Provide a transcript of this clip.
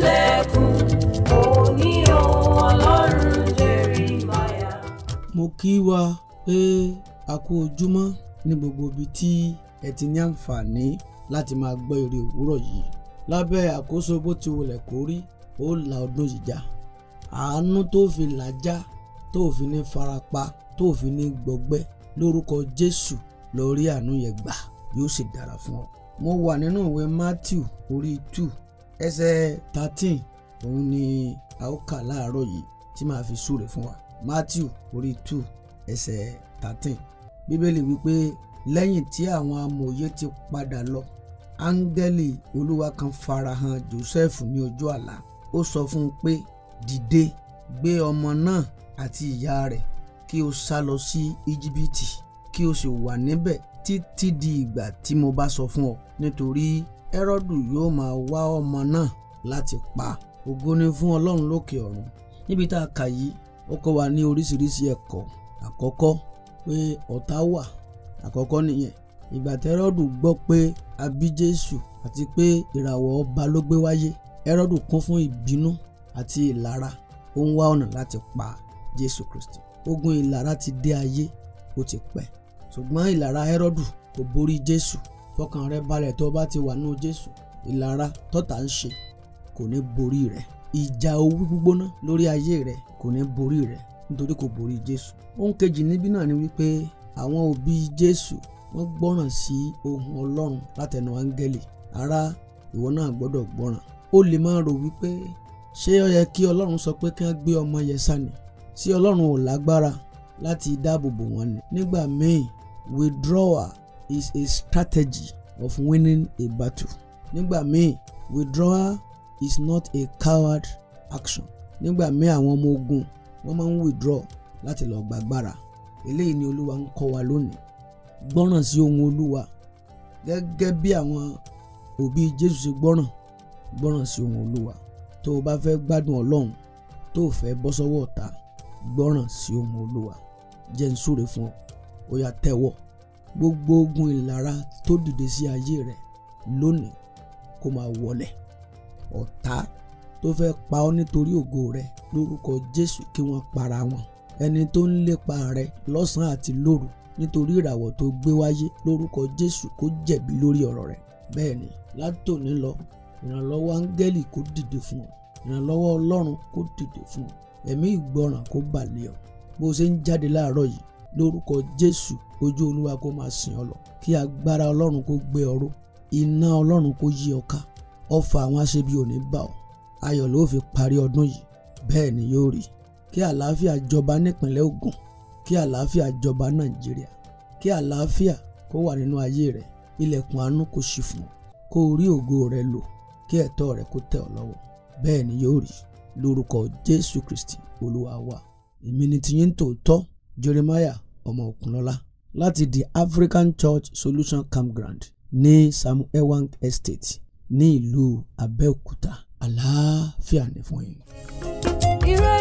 ṣílẹ̀kùn òní ohun ọlọ́run Jerimaya. mo kí wa pé a kú ojúmọ́ ní gbogbo ibi tí ẹ ti ní àǹfààní láti máa gbọ́ eré òwúrọ̀ yìí lábẹ́ àkóso bó ti wulẹ̀ kó ó la ọdún yìí já àánú tó fi làjá tó fi ní farapa tó fi ní gbọgbẹ́ lórúkọ Jésù lọ àánú yẹn gbà yóò sì dára fún ọ. mo wà nínú ìwé Matthew orí two ẹsẹ̀ thirteen òun ni a ó kà láàárọ̀ yìí tí màá fi súre fún wa Matthew orí two ẹsẹ̀ thirteen bíbélì wípé lẹ́yìn tí àwọn amòye ti padà lọ áńgẹ́lì olúwa kan farahàn Joseph ní ojú àlá ó sọ fún un pé dìde gbé ọmọ náà àti ìyá rẹ̀ kí o sá lọ sí íjíbítì kí o sì wà níbẹ̀ títí di ìgbà tí mo bá sọ fún ọ nítorí Hẹ́rọ́dù yóò máa wá ọmọ náà láti pa ògo ni fún Ọlọ́run lókè ọ̀run níbi tá a kà yìí ó kọ́ wa ní oríṣiríṣi ẹ̀kọ́ àkọ́kọ́ pé ọ̀tá wà àkọ́kọ́ nìyẹn ìgbà tí Hẹ́rọ́dù gbọ́ pé a bí Jésù àti pé ìràwọ̀ ọba ló gbé wáyé Hẹ́rọ́dù kún fún ìbínú àti ìlara ó ń wá ọ̀nà láti pa Jésù Kristi ogun ìlara ti dé ayé ó ti pẹ́ ṣùgbọ́n ìlara Hẹ́rọ́dù kò borí Jésù fọkàn rẹ balẹ̀ tó bá ti wà nínú Jésù ìlara tọ́ta ń ṣe kò ní borí rẹ ìjà owó gbígbóná lórí ayé rẹ kò ní borí rẹ nítorí kò borí Jésù ohun kejì níbí náà ni wípé àwọn òbí Jésù wọ́n gbọ́ràn sí ohun Ọlọ́run látẹnu áńgẹ́lì ara ìwọ náà gbọ́dọ̀ gbọ́ràn ó lè máa rò wípé ṣé ó yẹ kí Ọlọ́run sọ pé kí wọ́n gbé ọmọ yẹn sá sí Ọlọ́run ò lágbára láti dáàbò bò ni nígbà míì withdrawal is a strategy of winning a battle. nígbà míì withdrawal is not a coward action. nígbà míì àwọn ọmọ ogun wọ́n máa ń withdraw láti lọ gbàgbára. eléyìí ni olúwa ń kọ́ wa lónìí. gbọ́ràn sí ohun olúwa gẹ́gẹ́ bí àwọn òbí jésù ṣe gbọ́ràn gbọ́ràn sí ohun olúwa tó o bá fẹ́ gbádùn ọlọ́run tó o fẹ́ bọ́ sọ́wọ́ ọ̀tá gbọ́ràn sí ohun olúwa jẹ́ n súre fún ọ ó yá tẹ́wọ́ gbogbo ogun ìlara tó dìde sí ayé rẹ lónìí kó máa wọlẹ ọ̀tá tó fẹ́ pa ọ́ nítorí ògo rẹ lórúkọ Jésù kí wọ́n para wọn ẹni tó ń lépa rẹ lọ́sàn-án àti lóru nítorí ìràwọ̀ tó gbé wáyé lórúkọ Jésù kó jẹ̀bi lórí ọ̀rọ̀ rẹ bẹ́ẹ̀ ni látòní lọ ìrànlọ́wọ́ áńgẹ́lì kó dìde fún ọ ìrànlọ́wọ́ Ọlọ́run kó dìde fún ọ ẹ̀mí ìgbọràn kó bà lé ọ bó o ṣe ń jáde láàárọ̀ yìí lórúkọ jésù ojú olúwa kó máa sìn ọ lọ kí agbára ọlọ́run kó gbé ọ ró iná ọlọ́run kó yí ọ ká ọfà àwọn aṣebi ò ní bá ọ ayọ̀ ló fi parí ọdún yìí bẹ́ẹ̀ ni yóò rí kí àlàáfíà jọba nípínlẹ̀ Ògùn kí àlàáfíà jọba Nàìjíríà kí àlàáfíà kó wà nínú ayé rẹ ilẹ̀kùn àánú kó ṣí fún kó rí ògo rẹ lò kí ẹ̀tọ́ rẹ kó tẹ̀ ọ́ lọ́wọ́ bẹ́ẹ̀ ni yóò rí lórúkọ Jésù Kristi Olúwa wa èmi ni tòótọ́ Jeremiah ọmọ Òkunlọ́lá láti the African Church Solution Campground ní Samuel Wang Estate ní ìlú Abẹ́òkúta àlàáfíà ní fún yín.